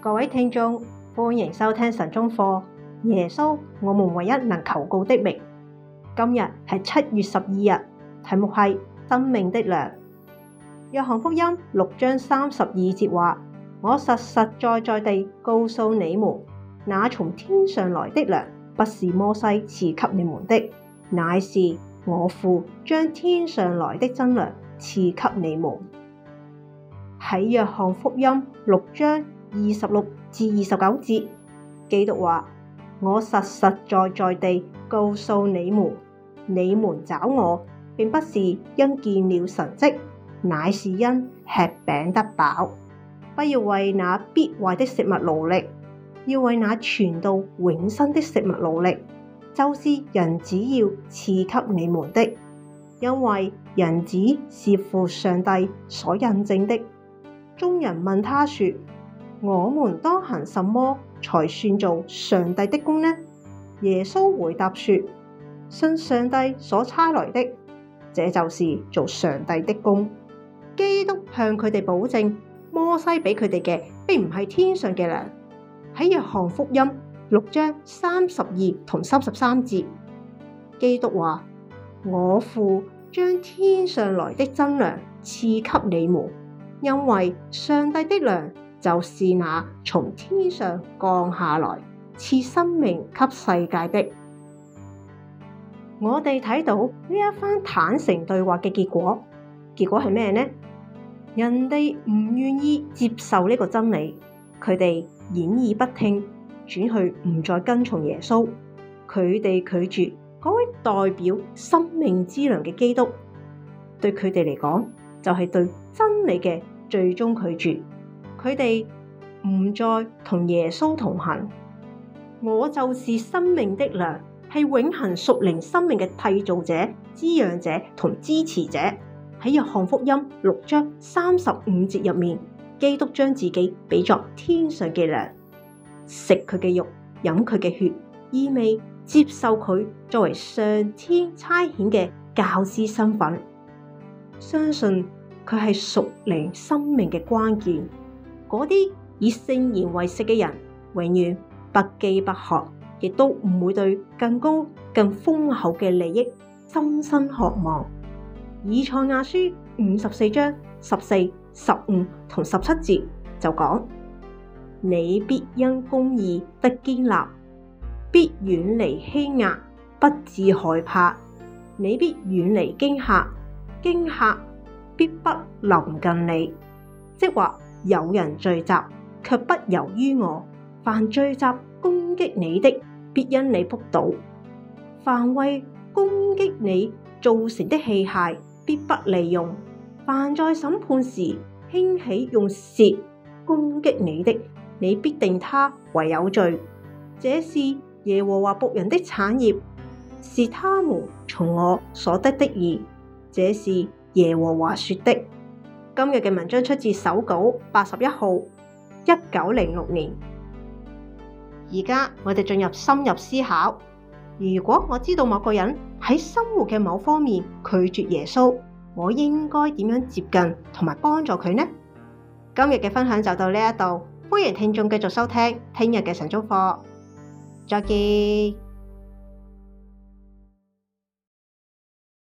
各位聽眾，歡迎收聽晨鐘課。耶穌，我們唯一能求告的名。今日係七月十二日，題目係生命的糧。約翰福音六章三十二節話：我實實在在地告訴你們，那從天上來的糧不是摩西賜給你們的，乃是我父將天上來的真糧賜給你們。喺約翰福音六章。二十六至二十九節，基督話：我實實在在地告訴你們，你們找我並不是因見了神跡，乃是因吃餅得飽。不要為那必壞的食物勞力，要為那傳到永生的食物勞力，就是人子要賜給你們的，因為人子是父上帝所印證的。中人問他說：我們當行什麼才算做上帝的工呢？耶穌回答說：信上帝所差來的，這就是做上帝的工。基督向佢哋保證，摩西俾佢哋嘅，並唔係天上嘅糧。喺約翰福音六章三十二同三十三節，基督話：我父將天上來的真糧賜給你們，因為上帝的糧。就是那從天上降下來賜生命給世界的。我哋睇到呢一番坦誠對話嘅結果，結果係咩呢？人哋唔願意接受呢個真理，佢哋掩耳不聽，轉去唔再跟從耶穌。佢哋拒絕嗰位代表生命之糧嘅基督，對佢哋嚟講，就係、是、對真理嘅最終拒絕。佢哋唔再同耶穌同行。我就是生命的糧，係永恆屬靈生命嘅締造者、滋養者同支持者。喺《約翰福音》六章三十五節入面，基督將自己比作天上嘅糧，食佢嘅肉，飲佢嘅血，意味接受佢作為上天差遣嘅教師身份。相信佢係屬靈生命嘅關鍵。嗰啲以聖言為食嘅人，永遠不飢不渴，亦都唔會對更高、更豐厚嘅利益深深渴望。以賽亞書五十四章十四、十五同十七節就講：你必因公義得堅立，必遠離欺壓，不致害怕；你必遠離驚吓，驚吓必不臨近你。即話。有人聚集，卻不由於我；凡聚集攻擊你的，必因你仆倒；凡為攻擊你造成的器械，必不利用；凡在審判時興起用舌攻擊你的，你必定他為有罪。這是耶和華僕人的產業，是他們從我所得的義。這是耶和華說的。今日嘅文章出自手稿八十一號，一九零六年。而家我哋進入深入思考。如果我知道某個人喺生活嘅某方面拒絕耶穌，我應該點樣接近同埋幫助佢呢？今日嘅分享就到呢一度，歡迎聽眾繼續收聽聽日嘅晨早課。再見。